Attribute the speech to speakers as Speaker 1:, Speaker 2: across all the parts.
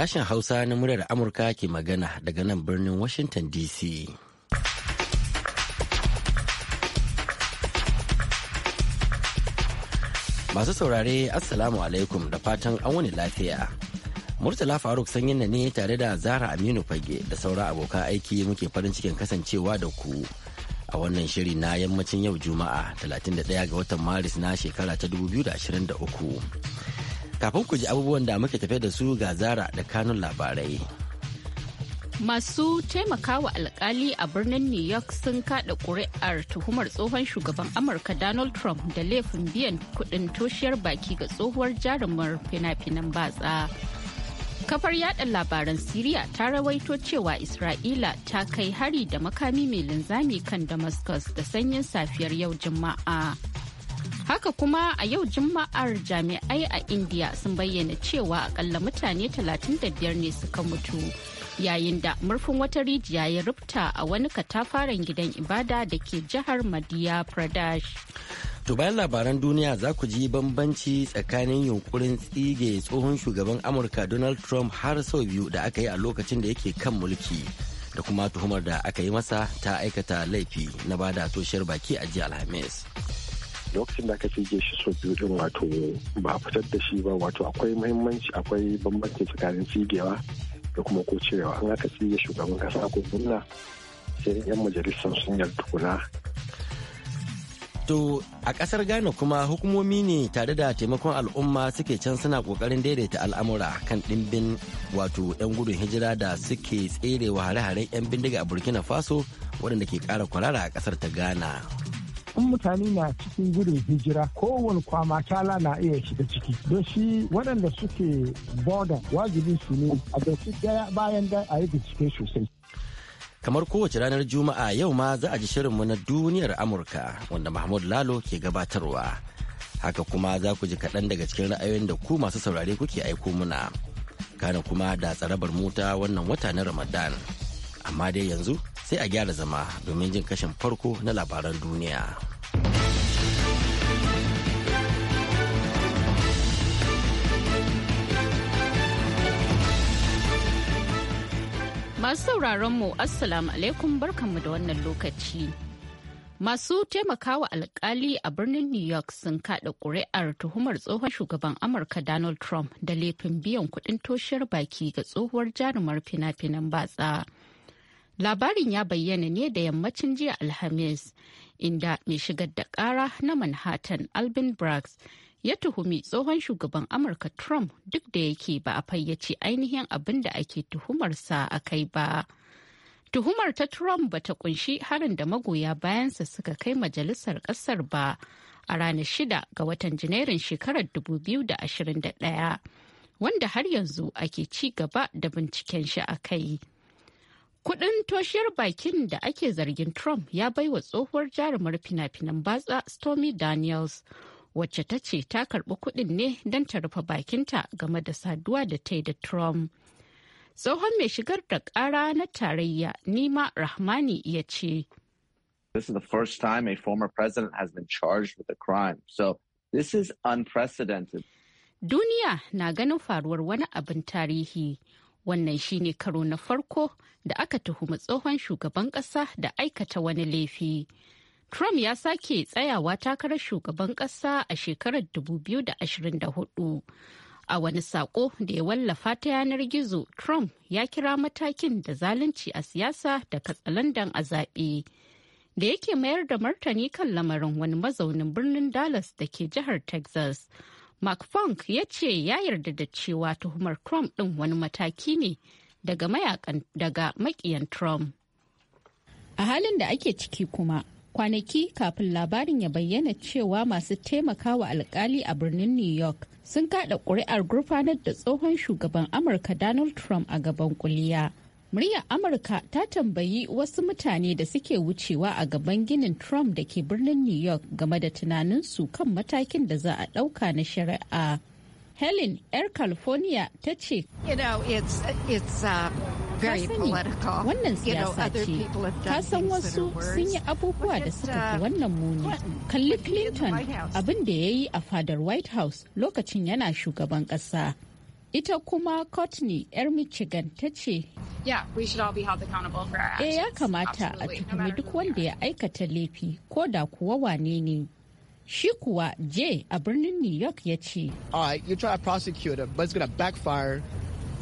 Speaker 1: Sashen Hausa na muryar Amurka ke magana daga nan birnin Washington DC. Masu saurare Assalamu alaikum da fatan an wani lafiya. Murtala Faruk sanyin na ne tare da Zara Aminu Fage da saura abokan aiki muke farin cikin kasancewa da ku. a wannan shiri na yammacin yau juma'a 31 ga watan maris na shekara ta 2023 Kafin ku ji abubuwan da muke tafe da su ga zara da kanun labarai.
Speaker 2: Masu taimakawa alkali a birnin New York sun kada kuri'ar tuhumar tsohon shugaban Amurka Donald Trump da laifin biyan kudin toshiyar baki ga tsohuwar jarumar fina-finan batsa. Kafar yada labaran Siriya ta rawaito cewa Isra'ila ta kai hari da makami mai linzami kan Damascus da sanyin safiyar yau Juma'a. Haka kuma a yau Juma'ar jami'ai a India sun bayyana cewa akalla mutane 35 ne suka mutu. Yayin da murfin wata rijiya ya rubuta a wani katafaren gidan ibada da ke jihar Madhya Pradesh.
Speaker 1: To bayan labaran duniya za ku ji bambanci tsakanin yunkurin tsige tsohon shugaban Amurka Donald Trump har sau biyu da aka yi a lokacin da yake kan mulki da kuma tuhumar da aka yi masa ta aikata laifi na bada toshiyar baki a jiya Alhamis.
Speaker 3: lokacin da aka fige shi so biyu din wato ba fitar da shi ba wato akwai muhimmanci akwai bambanci tsakanin tsigewa da kuma ko cirewa an aka tsige shugaban kasa ko gwamna sai yan majalisar
Speaker 1: sun yarda kuna To a kasar Ghana kuma hukumomi ne tare da taimakon al'umma suke can suna kokarin daidaita al'amura kan ɗimbin wato 'yan gudun hijira da suke tserewa hare-haren 'yan bindiga a Burkina Faso waɗanda ke kara kwarara a kasar ta Ghana.
Speaker 3: in mutane na cikin gudun hijira kowane kwama tala na iya shiga ciki don shi waɗanda suke boda wajibin su ne a dauki daya bayan da a yi bincike sosai
Speaker 1: kamar kowace ranar juma'a yau ma za a ji shirinmu na duniyar amurka wanda mahmud lalo ke gabatarwa haka kuma za ku ji kaɗan daga cikin ra'ayoyin da ku masu saurare kuke aiko muna kana kuma da tsarabar mota wannan wata na ramadan amma dai yanzu sai a gyara zama domin jin kashin farko na labaran duniya.
Speaker 2: Masu sauraron mu Assalamu alaikum barkanmu da wannan lokaci. Masu taimakawa alkali a birnin New York sun kaɗa ƙuri'ar tuhumar tsohon shugaban Amurka Donald Trump da laifin biyan kuɗin toshiyar baki ga tsohuwar jarumar fina-finan batsa. Labarin ya bayyana ne da yammacin jiya Alhamis, inda mai shigar da kara na Manhattan Albin Brax ya tuhumi tsohon shugaban Amurka Trump duk da yake ba a fayyace ainihin abin da ake tuhumarsa a kai ba. Tuhumar ta Trump ba ta kunshi harin da magoya bayansa suka kai majalisar Kasar ba a ranar shida ga watan Janairun shekarar 2021, wanda har yanzu ake ci gaba da binciken shi a kai. Kudin toshiyar bakin da ake zargin Trump ya baiwa tsohuwar jarumar fina-finan batsa Stormy Daniels, wacce ta ce ta karbi kudin ne don ta rufe bakinta game da saduwa da ta da Trump. Tsohon mai shigar da kara na tarayya Nima Rahmani ya ce.
Speaker 4: This is the first time a former president has been charged with a crime. So this is unprecedented.
Speaker 2: Duniya na ganin faruwar wani abin tarihi. wannan shi ne karo na farko da aka tuhumi tsohon shugaban ƙasa da aikata wani laifi. Trump ya sake tsayawa takarar shugaban ƙasa a shekarar 2024. A wani saƙo da ya wallafa ta yanar gizo, Trump ya kira matakin da zalunci a siyasa da katsalandan a zaɓe. Da yake mayar da martani kan lamarin wani mazaunin birnin Dallas da ke jihar Texas. mark funk ya ce ya yarda da cewa tuhumar trump ɗin wani mataki ne daga mayakan daga makiyan trump a halin da ake ciki kuma kwanaki kafin labarin ya bayyana cewa masu taimaka wa alkali a birnin new york sun kada kuri'ar gurfanar da tsohon shugaban amurka donald trump a gaban kuliya muryar amurka ta tambayi wasu mutane da suke wucewa a gaban ginin trump da ke birnin new york game da tunaninsu kan matakin da za a ɗauka na shari'a helen yar california ta ce uh, wannan siyasa ce ka san wasu sun yi abubuwa da suka fi uh, wannan muni kalli clinton abin da ya yi a fadar white house lokacin yana shugaban ƙasa Ita kuma Courtney 'yar Michigan ta ce, E ya kamata a tuhumi duk wanda ya aikata laifi ko da kuwa wane ne. Shi kuwa J a birnin New York ya ce,
Speaker 1: All right, you try to prosecute him, but it's backfire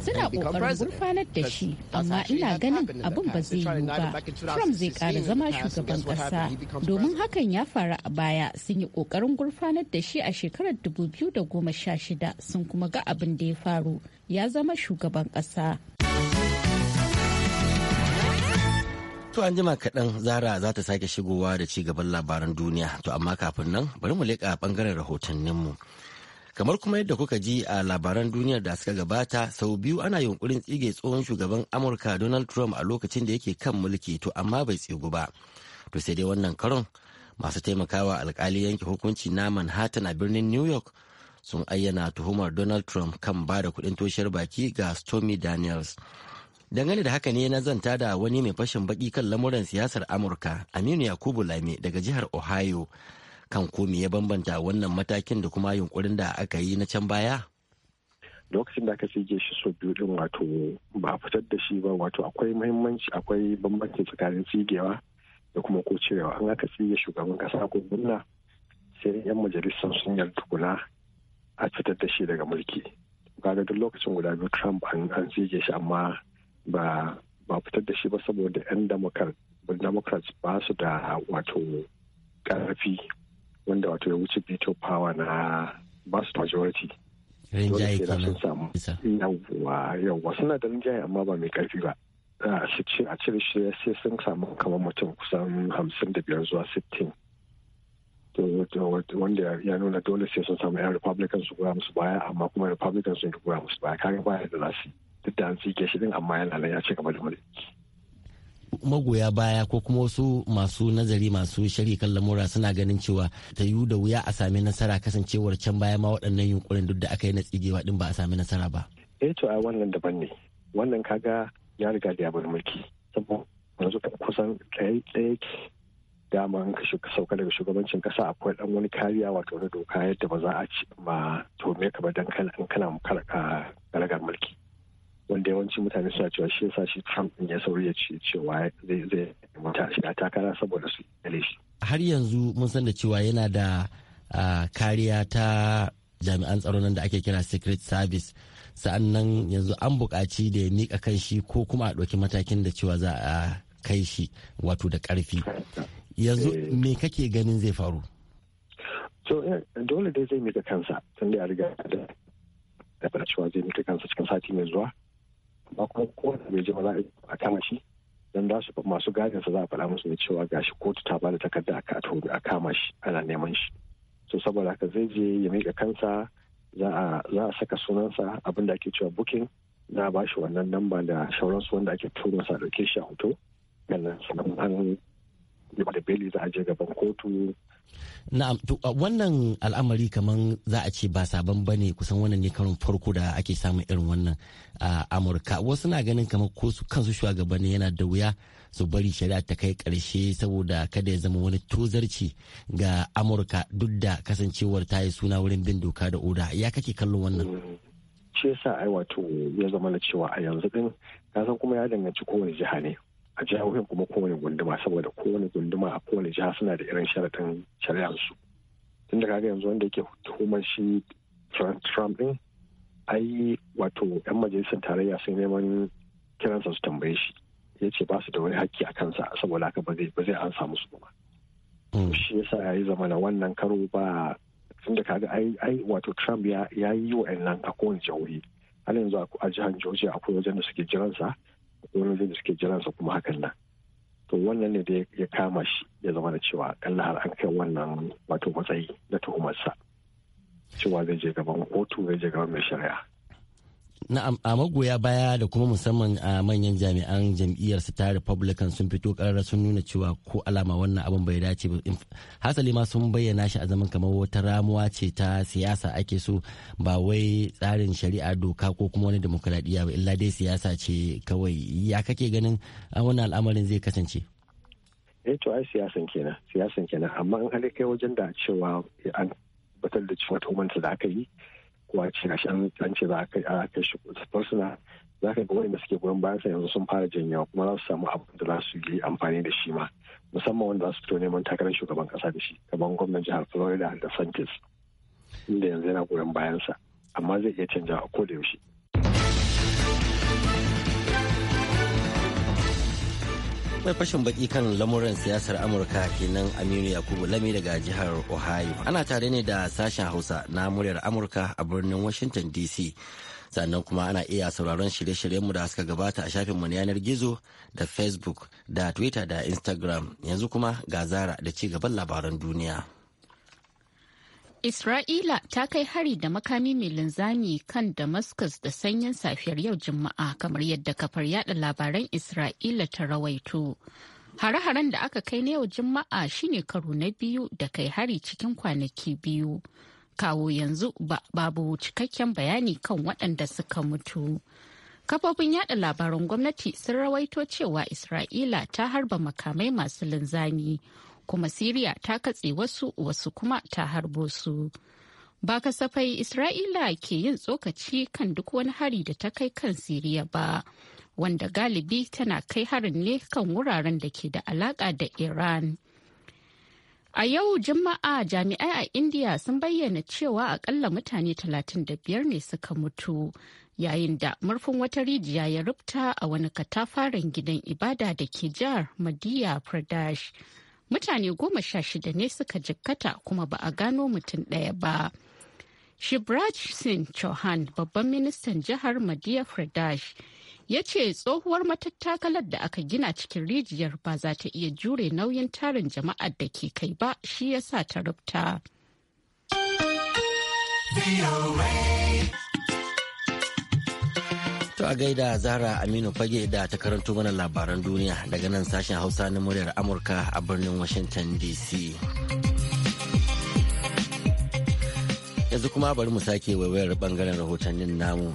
Speaker 1: suna kokarin
Speaker 2: gurfanar da shi amma ina ganin abin ba zai yiwu ba trump zai ƙara zama shugaban ƙasa domin hakan ya faru a baya sun yi ƙoƙarin gurfanar da shi a shekarar 2016 sun kuma ga abin da ya faru ya zama shugaban ƙasa.
Speaker 1: To an jima kaɗan Zara za ta sake shigowa da ci gaban labaran duniya to amma kafin nan bari mu leƙa ɓangaren rahotanninmu. mu. kamar kuma yadda kuka ji a labaran duniyar da suka gabata sau biyu ana yunkurin tsige tsohon shugaban amurka donald trump a lokacin da yake kan mulki to amma bai tsigu ba to sai dai wannan karon masu taimakawa alkali yanke hukunci na manhattan a birnin new york sun ayyana tuhumar donald trump kan ba da kudin toshiyar baki ga stormy daniels dangane da haka ne na zanta da wani mai fashin baki kan lamuran siyasar amurka aminu yakubu Lami, daga jihar ohio kan komi ya bambanta wannan matakin da kuma yunkurin da aka yi na can baya?
Speaker 3: lokacin da aka tsige shi so biyu din wato ba a fitar da shi ba wato akwai muhimmanci akwai bambanci tsakanin tsigewa da kuma ko cirewa an aka tsige shugaban kasa ko gunna sai yan majalisar sun yarda kula a fitar da shi daga mulki kaga duk lokacin guda biyu trump an tsige shi amma ba ba fitar da shi ba saboda yan democrats ba su da wato karfi wanda wato ya wuce veto power na vast majority rinjaye yawwa suna da rinjaye amma ba mai karfi ba a ce a cire shi sai sun samu kamar mutum kusan hamsin da biyar zuwa sittin wanda ya nuna dole sai sun samu yan republican su gura musu baya amma kuma republican sun gura musu baya kare baya da za su duk da an tsike shi din amma yana nan ya ci gaba da mulki
Speaker 1: magoya baya ko kuma wasu masu nazari masu shari kan lamura suna ganin cewa ta yiwu da wuya a sami nasara kasancewar can baya ma waɗannan yunkurin duk da aka yi na tsigewa din ba a sami nasara ba.
Speaker 3: eh to a wannan daban ne wannan kaga ya riga da ya bar mulki saboda yanzu kusan ɗaya ɗaya dama an ka sauka daga shugabancin kasa akwai dan wani kariya wato na doka yadda ba za a ci ma to me ka ba dan kana in kana karagar mulki wanda yawancin mutane suna cewa shi yasa shi Trump din ya sauri ya ce cewa zai zai mata shiga takara saboda su kale shi
Speaker 1: har yanzu mun san da cewa yana da kariya ta jami'an tsaro nan da ake kira secret service sa'an nan yanzu an buƙaci da ya nika kan shi ko kuma a ɗauki matakin da cewa za a kai shi wato da ƙarfi yanzu eh. me kake ganin zai faru
Speaker 3: so eh, dole dai zai mika kansa tun da ya riga da cewa zai mika kansa cikin sati mai zuwa amma kuma ko da bai ba za a kama shi don za su masu gadin sa za a faɗa musu da cewa gashi kotu ta bada takarda a kama shi ana neman shi so saboda haka zai je ya mika kansa za a saka sunansa abin da ake cewa booking na a bashi wannan lamba da sauransu wanda ake tura sa dauke shi a hoto sannan sannan an da beli za a je gaban kotu
Speaker 1: Na'am, wannan al'amari kamar za a ce ba sabon ba ne kusan wannan ne karon farko da ake samun irin wannan a Amurka. Wasu na ganin kamar ko su kansu ne yana da wuya su bari shari'a ta kai karshe saboda kada ya zama wani tozarci ga Amurka duk da kasancewar ta yi suna wurin bin doka da oda. Ya kake kallon wannan?
Speaker 3: Shi yasa ai wato ya zama na cewa a yanzu din kasan kuma ya danganci kowane jiha ne. a jihohin kuma kowane gunduma saboda kowane gunduma a kowane jiha suna da irin sharaɗin shari'arsu tun da kaga yanzu wanda yake tuhumar shi trump din ai wato 'yan majalisar tarayya sun neman kiransa su tambaye shi ya ce ba su da wani haƙƙi a kansa saboda haka ba zai an samu su ba hmm. shi yasa ya yi zamana wannan karo ba tun da kaga ai wato trump ya yi wa nan a kowane jihohi har yanzu a jihar georgia akwai wajen da suke jiransa wani da suke jiransa kuma hakan nan to wannan ne da ya kama shi ya zama da cewa kalla har an kai wannan wato matsayi na tuhumarsa cewa zai je gaban kotu zai je gaban mai shari'a
Speaker 1: na a magoya baya da kuma musamman a manyan jami'an jam'iyyar su ta republican sun fito karar sun nuna cewa ko alama wannan abin bai dace ba hasali ma sun bayyana shi a zaman kamar wata ramuwa ce ta siyasa ake so ba wai tsarin shari'a doka ko kuma wani demokradiyya ba illa dai siyasa ce kawai ya kake ganin wannan al'amarin zai kasance
Speaker 3: eh to ai siyasan kenan amma an wajen da cewa an batar da cewa da aka yi ko a shan tsanci ce za a kai shi fursuna za ka ga waɗanda suke goyon bayan sa yanzu sun fara janyawa kuma za su samu abu da za su yi amfani da shi ma musamman wanda za su fito neman takarar shugaban kasa da shi kamar gwamnan jihar florida da santis inda yanzu yana goyon bayan sa amma zai iya canja a ko da yaushe
Speaker 1: mai fashin baki kan lamuran siyasar amurka kenan aminu yakubu lami daga jihar ohio ana tare ne da sashen hausa na muryar amurka a birnin washington dc sannan kuma ana iya sauraron shirye-shiryenmu da suka gabata a shafinmu na yanar gizo da facebook da twitter da instagram yanzu kuma ga zara da ci gaban labaran duniya
Speaker 2: Isra'ila ta kai hari da makami mai linzami kan Damascus da sanyin safiyar yau Juma'a kamar yadda kafar yada labaran Isra'ila ta rawaito. Hare-haren da aka kai na yau Juma'a shine karo na biyu da kai hari cikin kwanaki biyu. Kawo yanzu babu cikakken bayani kan waɗanda suka mutu. Kafofin yada labaran gwamnati sun rawaito cewa Isra'ila ta harba makamai masu linzami. kuma Siriya ta katse wasu wasu kuma ta harbo su. Ba kasafai Isra'ila ke yin tsokaci kan duk wani hari da ta kai kan Siriya ba, wanda galibi tana kai harin ne kan wuraren da ke da alaka da Iran. A yau Juma'a jami'ai a India sun bayyana cewa akalla mutane 35 ne suka mutu yayin da murfin wata rijiya ya rubta a wani katafaren gidan ibada da ke jihar Madhya Pradesh. mutane goma sha shida ne suka jikkata kuma ba a gano mutum ɗaya ba. Shibraj Singh Chauhan babban ministan jihar Madhya Pradesh ya ce tsohuwar matattakalar da aka gina cikin rijiyar ba za ta iya jure nauyin tarin jama'ar da ke kai ba shi ya sa ta rubta.
Speaker 1: a gaida Zahra Aminu Fage da ta karanto mana labaran duniya daga nan sashen Hausa na muryar Amurka a birnin Washington DC. Yanzu kuma bari mu sake waiwayar bangaren rahotannin namu.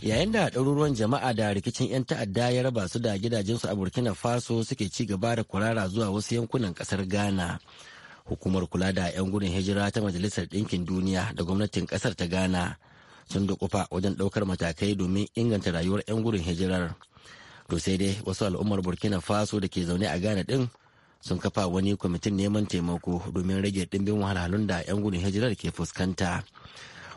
Speaker 1: Yayin da ɗaruruwan jama'a da rikicin 'yan ta'adda ya raba su da gidajensu a Burkina Faso suke ci gaba da kurara zuwa wasu yankunan kasar Ghana. Hukumar kula da 'yan gudun hijira ta Majalisar Ɗinkin Duniya da gwamnatin ƙasar ta Ghana. sun dukufa wajen ɗaukar matakai domin inganta rayuwar 'yan gudun hijirar to sai dai wasu al'ummar burkina faso da ke zaune a ghana ɗin sun kafa wani kwamitin neman taimako domin rage ɗimbin wahalhalun da 'yan gudun hijirar ke fuskanta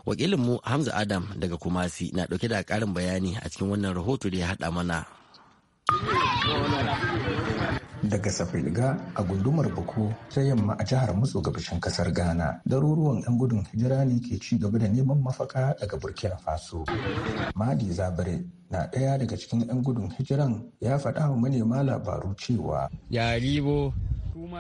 Speaker 1: wakilinmu hamza adam daga kumasi na ɗauke da ƙarin bayani a cikin wannan rahoto da ya haɗa mana
Speaker 5: daga safilga a gundumar Boko ta yamma a jihar matso gabashin kasar ghana daruruwan 'yan gudun hijira ne ke ci gaba da neman mafaka daga burkina faso madi zabare na ɗaya daga cikin 'yan gudun hijiran ya faɗa wa manema labaru cewa
Speaker 1: yaribo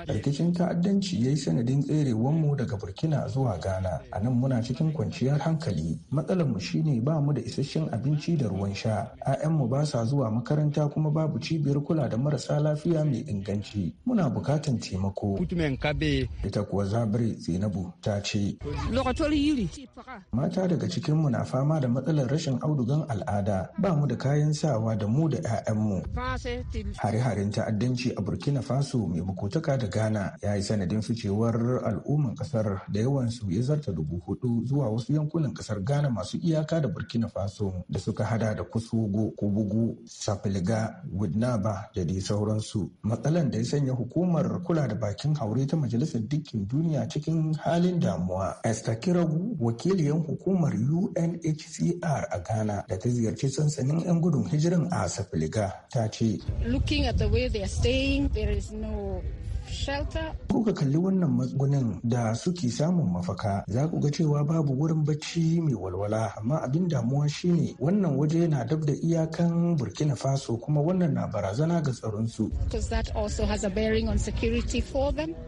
Speaker 5: rikicin ta'addanci ya yi sanadin tserewanmu daga burkina zuwa ghana a nan muna cikin kwanciyar hankali Matsalar mu shine ba mu da isasshen abinci da ruwan sha 'ya'yanmu ba sa zuwa makaranta kuma babu cibiyar kula da marasa lafiya mai inganci muna bukatan taimako ita kuwa zabire zainabu ta ce mata daga cikinmu na fama da matsalar rashin audugan al'ada ba mu da kayan sawa da mu da 'ya'yanmu hare-haren ta'addanci a burkina faso mai bukutaka da Ghana ya yi sanadin ficewar al'umman kasar da yawansu ya zarta dubu hudu zuwa wasu yankunan kasar Ghana masu iyaka da Burkina Faso da suka hada da Kusogo, Kubugu, Safilga, Wudnaba da dai sauransu. Matsalan da ya sanya hukumar kula da bakin haure ta Majalisar Dukkin Duniya cikin halin damuwa. Esther Kiragu, wakiliyan hukumar UNHCR a Ghana da ta ziyarci sansanin 'yan gudun hijirin a Safilga ta ce.
Speaker 2: Looking at the way they are staying, there is no
Speaker 5: Kuka kalli wannan matsugunin da suke samun mafaka za ku ga cewa babu wurin bacci mai walwala amma abin damuwa shine wannan waje yana dab da iyakan Burkina Faso kuma wannan na barazana ga tsaron tsaronsu.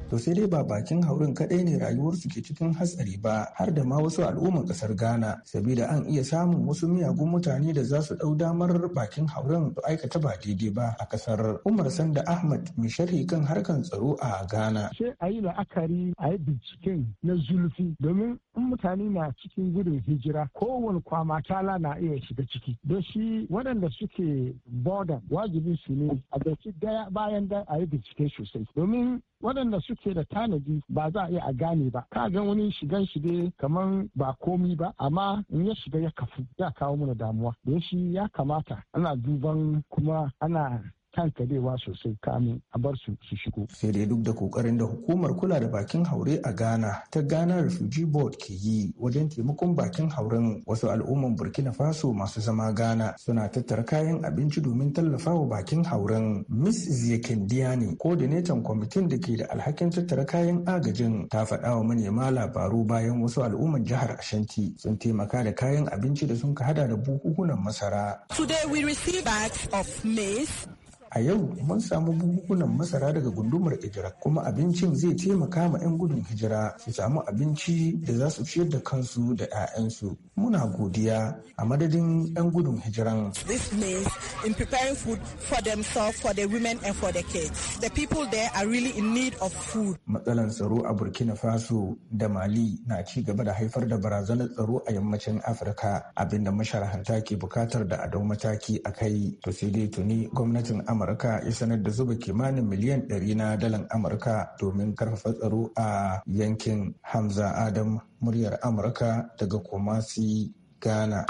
Speaker 5: To sai dai ba bakin haurin kadai ne rayuwar su ke cikin hatsari ba har da ma wasu al'umman kasar Ghana sabida an iya samun wasu miyagun mutane da za su dau damar bakin haurin aikata ba daidai ba a kasar, Umar Sanda Ahmad mai sharhi kan harkan tsaro faru a Ghana.
Speaker 3: Sai a yi la'akari a yi binciken na zulfi domin in mutane na cikin gudun hijira kowane kwama tala na iya shiga ciki. Da shi waɗanda suke boda wajibin su ne a gaci daya bayan da a yi bincike sosai. Domin waɗanda suke da tanadi ba za a iya a gane ba ka ga wani shigan shi dai kamar ba komi ba amma in ya shiga ya kafu ya kawo mana damuwa don shi ya kamata ana duban
Speaker 1: kuma ana
Speaker 3: tankadewa sosai kamin a bar su su shigo. Sai dai duk da
Speaker 5: kokarin da hukumar kula da bakin haure a Ghana ta Ghana Refugee Board ke yi wajen taimakon bakin hauren wasu al'umman Burkina Faso masu zama Ghana suna tattara kayan abinci domin tallafawa bakin hauren. Miss Ziyakendiani, coordinator kwamitin da ke da alhakin tattara kayan agajin ta faɗa wa manema labaru bayan wasu al'umman jihar Ashanti sun taimaka da kayan abinci da sun ka hada da buhuhunan masara.
Speaker 2: Today we receive bags
Speaker 5: of maize, A yau mun samu buhunan masara daga gundumar hijira kuma abincin zai taimaka ma 'yan gudun hijira su samu abinci da za su ciyar da kansu da 'ya'yansu. Muna godiya a madadin 'yan gudun hijiran.
Speaker 4: This means in preparing food for themselves, for the women and for the kids. The people there are really in need of food.
Speaker 5: Matsalan tsaro a Burkina Faso da Mali na ci gaba da haifar da barazanar tsaro a yammacin Afirka abinda masharhanta ke bukatar da adau mataki a kai to sai dai tuni gwamnatin Amurka amurka ya sanar da zuba kimanin miliyan 100 na dalan amurka domin karfafa tsaro a yankin hamza adam muryar amurka daga kumasi ghana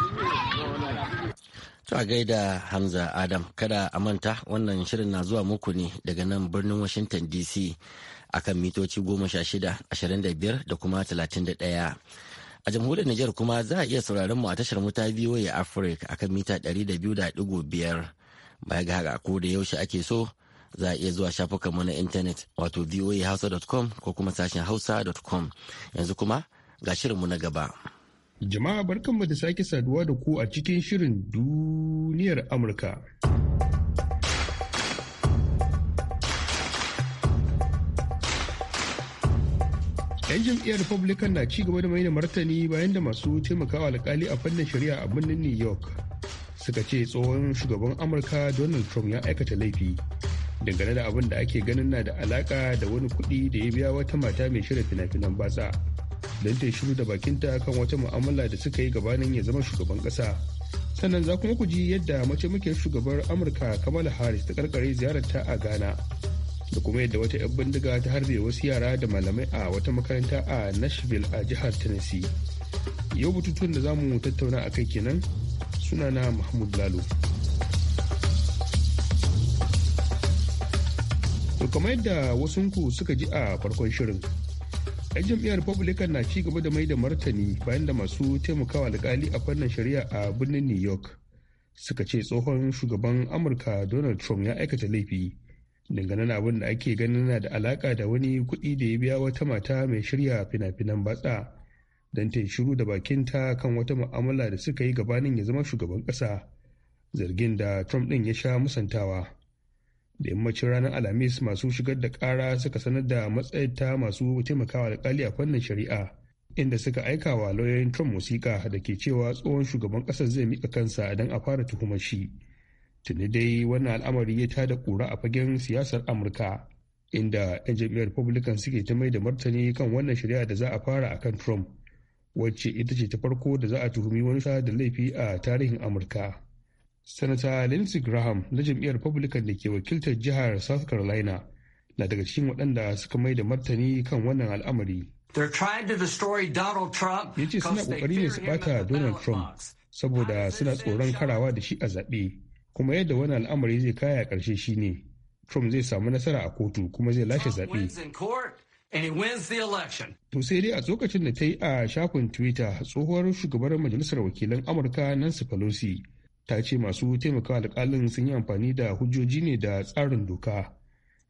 Speaker 1: a gaida Hamza Adam kada a manta wannan shirin na zuwa muku ne daga nan birnin Washington DC akan mitoci goma sha shida ashirin da kuma talatin A jamhuriyar Nijar kuma za a iya sauraron mu a tashar mu ta VOA Africa akan mita ɗari baya ga haka ko da yaushe ake so za a iya zuwa mu na intanet wato voahausa.com ko kuma sashen hausa.com yanzu kuma ga shirinmu na gaba.
Speaker 6: Jama'a barkan barkanmu da sake saduwa da ku a cikin shirin duniyar Amurka. yan jam'iyyar republican na ci gaba da maida martani bayan da masu taimakawa alkali a fannin shari'a a birnin new york suka ce tsohon shugaban amurka donald trump ya aikata laifi dangane da abin da ake ganin na da alaka da wani kuɗi da ya biya wata mata mai shirya fina-finan batsa don ta shiru da bakinta kan wata mu'amala da suka yi gabanin ya zama shugaban ƙasa sannan za kuma ku ji yadda mace muke shugabar amurka kamala harris ta karkare ziyararta a ghana da kuma yadda wata 'yan bindiga ta harbe wasu yara da malamai a wata makaranta a nashville a jihar tennessee yau bututun da za mu tattauna a kai kenan sunana mahmud lalo to kamar yadda wasunku suka ji a farkon shirin 'yan jam'iyyar republican na ci gaba da mai da martani bayan da masu taimakawa alkali a fannin shari'a a birnin new york suka ce tsohon shugaban amurka donald trump ya aikata laifi dangane na abin da ake ganin na da alaka da wani kuɗi da ya biya wata mata mai shirya fina-finan batsa don ta yi shiru da bakinta kan wata mu'amala da suka yi gabanin ya zama shugaban ƙasa zargin da trump ɗin ya sha musantawa da yammacin ranar alhamis masu shigar da kara suka sanar da matsayar ta masu taimakawa alƙali a fannin shari'a inda suka aika wa lauyoyin trump musika da ke cewa tsohon shugaban ƙasar zai miƙa kansa don a fara tuhumar shi tuni dai wannan al'amari ya tada kura a fagen siyasar amurka inda 'yan jami'ar republican suke ta mai da martani kan wannan shari'a da za a fara akan trump wacce ita ce ta farko da za a tuhumi wani sa da laifi a tarihin amurka sanata lindsey graham na jam'iyyar republican da ke wakiltar jihar south carolina na daga cikin waɗanda suka mai da martani kan wannan al'amari
Speaker 3: ya ce suna ƙoƙari
Speaker 6: ne su ɓata donald trump saboda suna tsoron karawa da shi a zaɓe kuma yadda wani al'amari zai kaya ƙarshe shine trump zai samu nasara a kotu kuma zai lashe zaɓe and To sai dai a tsokacin da ta yi a shafin Twitter tsohuwar shugabar majalisar wakilan Amurka Nancy Pelosi ta ce masu taimakawa alƙalin sun yi amfani da hujjoji ne da tsarin doka.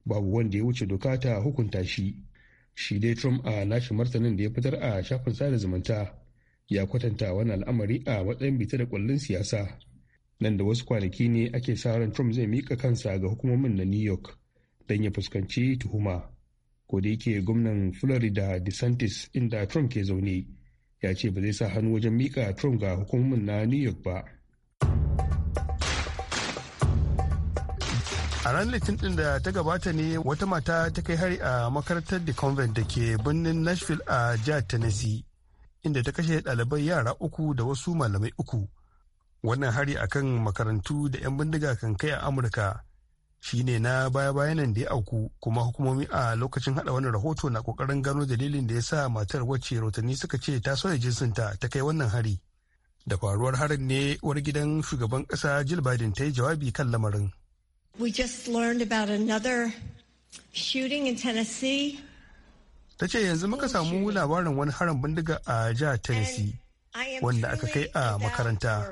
Speaker 6: Babu wanda ya wuce doka ta hukunta shi. Shi dai Trump a nashi martanin da ya fitar a shafin sada zumunta ya kwatanta wani al'amari a matsayin bita da kwallon siyasa. Nan da wasu kwanaki ne ake sa ran Trump zai mika kansa ga hukumomin na New York don ya fuskanci tuhuma. ko da yake gwamnan florida desantis inda trump ke zaune ya ce ba zai sa hannu wajen mika trump ga hukumomin na new york ba a ranar litin din da ta gabata ne wata mata ta kai hari a makarantar the convent da ke birnin nashville a jihar tennessee inda ta kashe ɗalibai yara uku da wasu malamai uku wannan hari akan makarantu da 'yan bindiga kan kai a amurka shine na baya nan da ya auku kuma hukumomi a lokacin hada wannan rahoto na kokarin gano dalilin da ya sa matar wacce rotanni suka ce ta soya jinsinta ta kai wannan hari da faruwar harin ne uwar gidan shugaban kasa jill biden ta yi jawabi kan lamarin ta ce yanzu muka samu labarin wani harin bindiga a jihar tennessee
Speaker 7: wanda aka kai a makaranta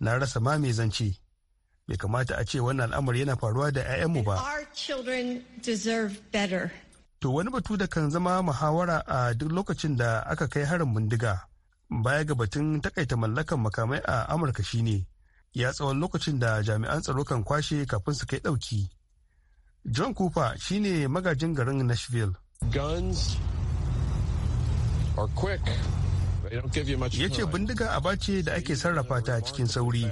Speaker 6: na rasa ma mai zance bai kamata a ce wannan al'amari yana faruwa da 'ya'yanmu ba. To wani batu da kan zama muhawara a duk lokacin da aka kai harin bindiga baya ga batun takaita mallakan makamai a Amurka shine ya tsawon lokacin da jami'an tsaro kan kwashe kafin su kai ɗauki. John Cooper shine magajin garin Nashville.
Speaker 3: Guns are quick. ya ce
Speaker 6: bindiga aba ce da ake sarrafa ta cikin sauri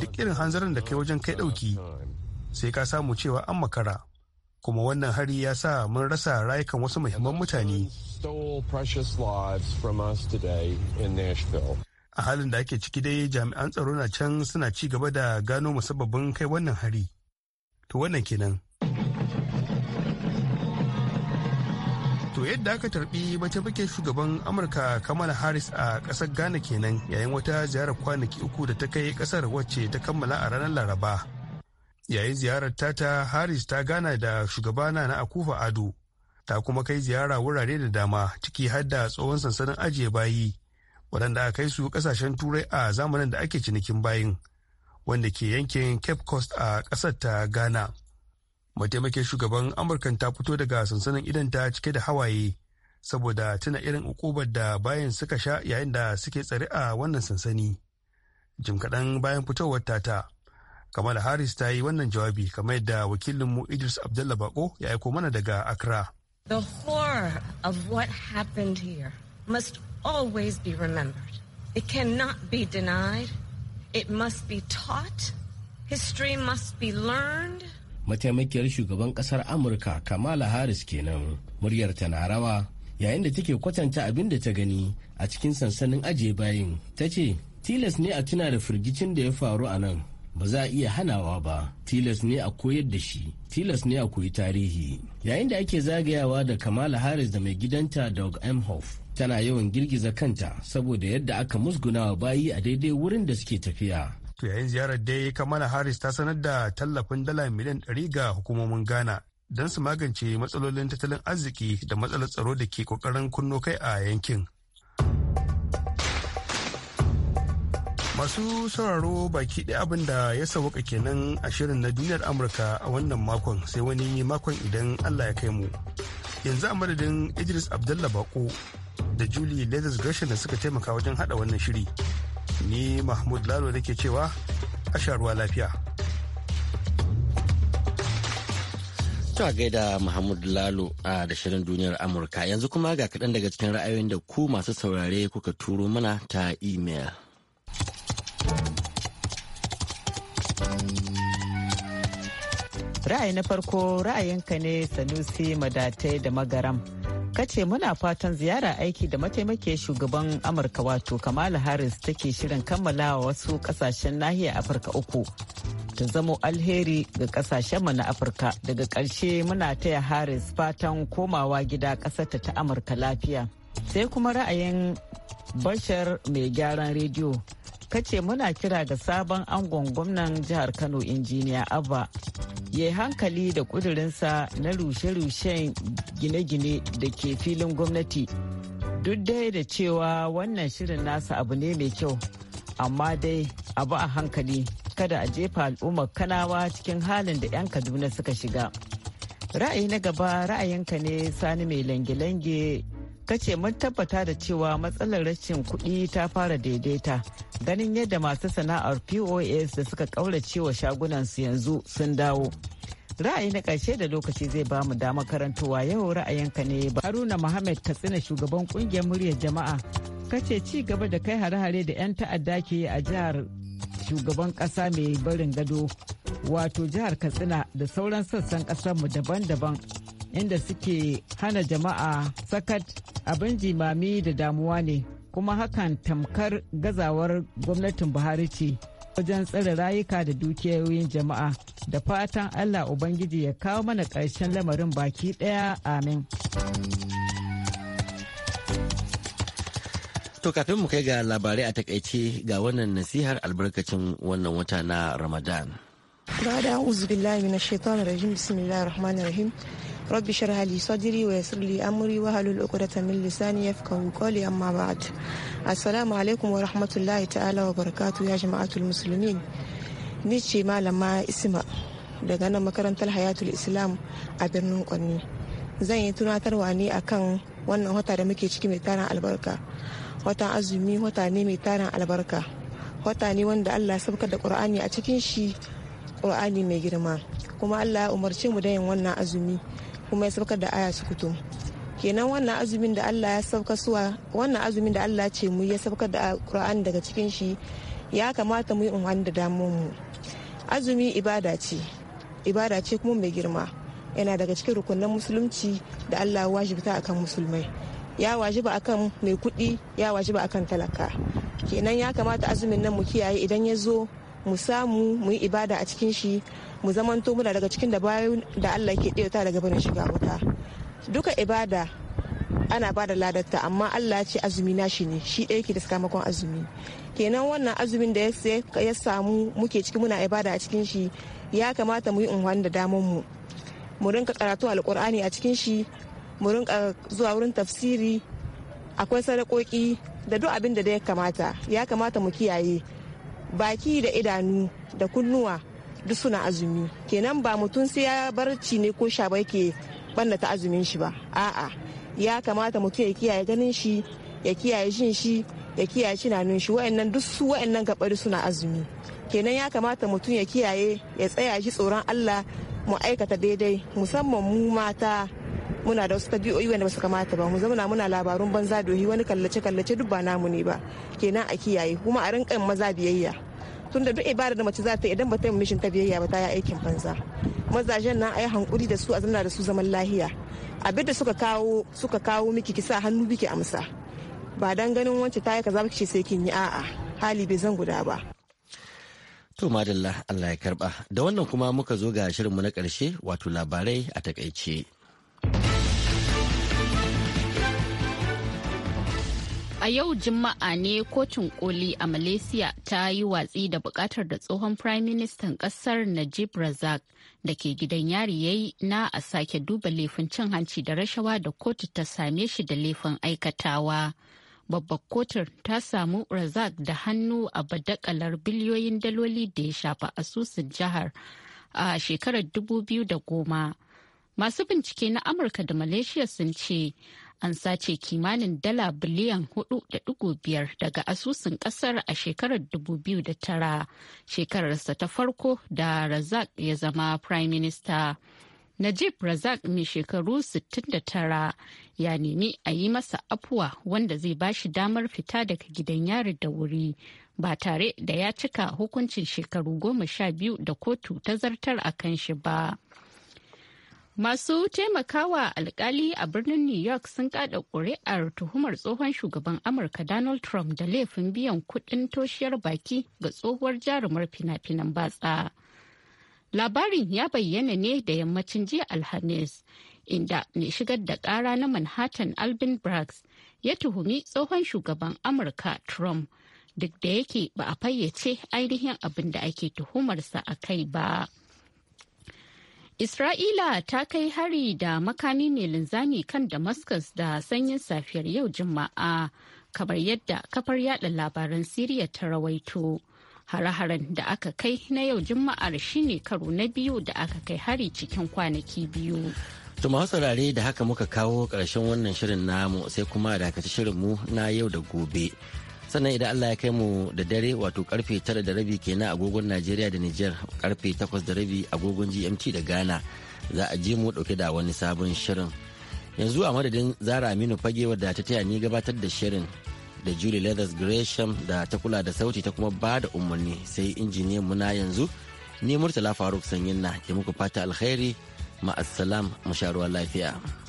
Speaker 6: duk irin hanzarin da kai wajen kai ɗauki sai ka samu cewa an makara kuma wannan hari ya sa mun rasa rayukan wasu muhimman mutane a halin da ake ciki dai jami'an tsaro na can suna ci gaba da gano musabbabin kai wannan hari to wannan kenan To yadda aka tarbi mataimakin shugaban Amurka Kamala Harris a ƙasar Ghana kenan yayin wata ziyarar kwanaki uku da ta kai ƙasar wacce ta kammala a ranar Laraba. Yayin ziyarar tata Harris ta gana da shugabana na Akufa Ado ta kuma kai ziyara wurare da dama ciki har da tsohon sansanin ajiye bayi waɗanda aka kai su ƙasashen turai a zamanin da ake cinikin bayin wanda ke yankin Cape Coast a ƙasar ta Ghana. mataimakin shugaban amurkan ta fito daga sansanin idan ta cike da hawaye saboda tuna irin ukubar da bayan suka sha yayin da suke tsare a wannan sansani jim kaɗan bayan fitowar tata kamala harris ta yi wannan jawabi kamar yadda wakilinmu idris abdullah bako ya aiko mana daga accra
Speaker 7: the horror of what happened here must always be remembered it cannot be denied it must be taught history must be learned
Speaker 1: mataimakiyar shugaban kasar amurka kamala harris kenan muryar ta na rawa yayin da take kwatanta abin da ta gani a cikin sansanin ajiye bayin ta ce tilas ne a tuna da firgicin da ya faru a nan ba za a iya hanawa ba tilas ne a koyar da shi tilas ne a koyi tarihi yayin da ake zagayawa da kamala harris da mai gidanta dog emhoff tana yawan girgiza kanta saboda yadda aka musguna wa bayi a daidai wurin da suke tafiya
Speaker 6: To yayin ziyarar dai Kamala Harris ta sanar da tallafin dala miliyan ɗari ga hukumomin Ghana don su magance matsalolin tattalin arziki da matsalar tsaro da ke kokarin kunno kai a yankin. Masu sauraro baki ɗaya abin da ya sauka kenan a shirin na duniyar Amurka a wannan makon sai wani makon idan Allah ya kai mu. Yanzu a madadin Idris Abdullah Bako da Julie Leathers Gershon da suka taimaka wajen haɗa wannan shiri. Ni Mahmud Lalo ke cewa a sharuwa lafiya.
Speaker 1: Ta gaida Mahmud Lalo a da shirin duniyar Amurka yanzu kuma ga kaɗan daga cikin ra'ayoyin da ku masu saurare kuka turo mana ta imel.
Speaker 4: Ra'ayi na farko ra'ayinka ne Sanusi Madatai da Magaram. kace muna fatan ziyara aiki da mataimakiyar shugaban amurka wato kamala harris take shirin kammalawa wasu kasashen nahiyar afirka uku ta zamo alheri ga kasashenmu na afirka daga ƙarshe muna taya harris fatan komawa gida ƙasarta ta amurka lafiya sai kuma ra'ayin bashar mai gyaran rediyo ka ce muna kira ga sabon angon gwamnan jihar kano injiniya abba ya yi hankali da kudurinsa na rushe-rushen gine-gine da ke filin gwamnati duk dai da cewa wannan shirin nasa abu ne mai kyau amma dai abu a hankali kada a jefa al'ummar kanawa cikin halin da 'yan kaduna suka shiga ra'ayi na gaba ra'ayinka ne sani mai lange-lange ce mun tabbata da cewa matsalar rashin kuɗi ta fara daidaita ganin yadda masu sana'ar pos da suka cewa wa shagunansu yanzu sun dawo ra'ayi na ƙarshe da lokaci zai ba mu dama karantowa yau ra'ayinka ne ba. haruna muhammad katsina shugaban ƙungiyar muryar jama'a kace ci gaba da kai hare-hare da 'yan ta'adda ke yi a jihar shugaban ƙasa mai barin gado wato jihar katsina da sauran sassan ƙasarmu daban-daban inda suke hana jama'a sakat abin jimami da damuwa ne kuma hakan tamkar gazawar gwamnatin buhari ce wajen tsare rayuka da dukiyoyin jama'a da fatan allah ubangiji ya kawo mana karshen lamarin baki ɗaya amin
Speaker 1: To kafin mu kai ga labarai a takaice ga wannan nasihar albarkacin wannan wata na Ramadan.
Speaker 7: Bada uzu billahi na shaitan bismillahir rahmanir rahim rabbi shrah li sadri wa yassir li amri wa halul uqdatan min lisani yafqahu qawli amma ba'd assalamu alaikum wa rahmatullahi ta'ala wa barakatuh ya jama'atul muslimin ni ce malama isma daga nan makarantar hayatul islam a birnin kwanni zan yi tunatarwa ne akan wannan wata da muke ciki mai tarin albarka watan azumi wata ne mai tarin albarka wata ne wanda allah sabka da qur'ani a cikin shi ƙur'ani mai girma kuma allah ya umarce mu da yin wannan azumi kuma ya saukar da aya sukutum kenan wannan azumin da Allah ya sauka suwa wannan azumin da Allah ce mu ya saukar da Qur'ani daga cikin shi ya kamata mu yi umarni da damun mu azumi ibada ce ibada ce kuma mai girma yana daga cikin rukunan musulunci da Allah ya wajibta akan musulmai ya wajiba akan mai kuɗi ya wajiba akan talaka kenan ya kamata azumin nan mu kiyaye idan ya zo mu samu mu yi ibada a cikin shi mu zamanto muna daga cikin da bayan da Allah ke ɗauta daga barin shiga wuta duka ibada ana bada da ladarta amma Allah ce azumi na shi ne shi ɗaya ke da sakamakon azumi kenan wannan azumin da ya samu muke ciki muna ibada a cikin shi ya kamata mu yi unhwan da damar mu mu rinka karatu alkur'ani a cikin shi mu rinka zuwa wurin tafsiri akwai sadakoki da duk abin da ya kamata ya kamata mu kiyaye baki da idanu da kunnuwa duk suna azumi kenan ba mutum sai ya barci ne ko sha ke yake ta azumin shi ba a'a ya kamata mutum ya kiyaye ganin shi ya kiyaye jin shi ya kiyaye tunanin shi wa'annan duk su wa'annan gabari suna azumi kenan ya kamata mutum ya kiyaye ya tsaya shi tsoron Allah mu aikata daidai musamman mu mata muna da wasu tabi'o'i wanda basu kamata ba mu zauna muna labarun banza dohi wani kallace kallace duk ba namu ne ba kenan a kiyaye kuma a rinƙa maza biyayya tunda duk ibada da mace za ta yi idan ba ta yi mishin ta biyayya ba ta yi aikin banza mazajen nan ayi hankuri da su a zanna da su zaman lahiya abin da suka kawo suka kawo miki ki sa hannu biki amsa ba dan ganin wance ta yi kaza ba ki sai kin yi a'a hali bai zan guda ba
Speaker 1: to madalla Allah ya karba da wannan kuma muka zo ga shirinmu na karshe wato labarai a takaice
Speaker 2: a yau Juma'a ne kotun koli a Malaysia ta yi watsi da bukatar da tsohon Prime Minister kasar Najib Razak da ke gidan yari yayi na a sake duba laifin cin hanci da rashawa da kotu ta same shi da laifin aikatawa. babbar kotun ta samu razak da hannu a badakalar biliyoyin daloli da ya shafa asusun jihar a shekarar 2010 masu bincike na amurka da malaysia sun ce an sace kimanin dala biliyan 4.5 daga asusun kasar a shekarar 2009 shekararsa ta farko da razak ya zama prime minister najib razak mai shekaru 69 ya nemi a yi masa afuwa wanda zai bashi damar fita daga gidan yari da wuri ba tare da ya cika hukuncin shekaru goma sha biyu da kotu ta zartar a kan shi ba. Masu taimakawa alkali a birnin New York sun kada ƙuri'ar tuhumar tsohon shugaban Amurka Donald Trump da laifin biyan kuɗin toshiyar baki ga tsohuwar jarumar fina-finan batsa. Labarin ya bayyana ne da yammacin jiya Alhamis, inda mai shigar da ƙara na Manhattan Albin Brax ya tuhumi tsohon shugaban Amurka Trump duk da yake ba a fayyace ainihin abin da ake tuhumarsa a kai ba. Isra'ila ta kai hari da makami mai linzami kan Damascus da sanyin safiyar yau Juma'a, kamar yadda kafar yada labaran Siriya ta rawaito. Hare-haren da aka kai na yau Juma'ar shine karo na biyu da aka kai hari cikin kwanaki biyu.
Speaker 1: Tuma saurare da haka muka kawo ƙarshen wannan shirin namu sai kuma shirin mu na yau da gobe. sannan idan Allah ya kai mu da dare wato karfe tara da rabi kenan agogon Najeriya da Nijar karfe takwas da rabi agogon GMT da Ghana za a je mu dauke da wani sabon shirin yanzu a madadin Zara Aminu Fage wadda ta taya ni gabatar da shirin da Julie Leathers Gresham da ta kula da sauti ta kuma ba da umarni sai injiniyan mu na yanzu ni Murtala Faruk Sanyin na ke muku fata alkhairi ma'assalam mu sha lafiya.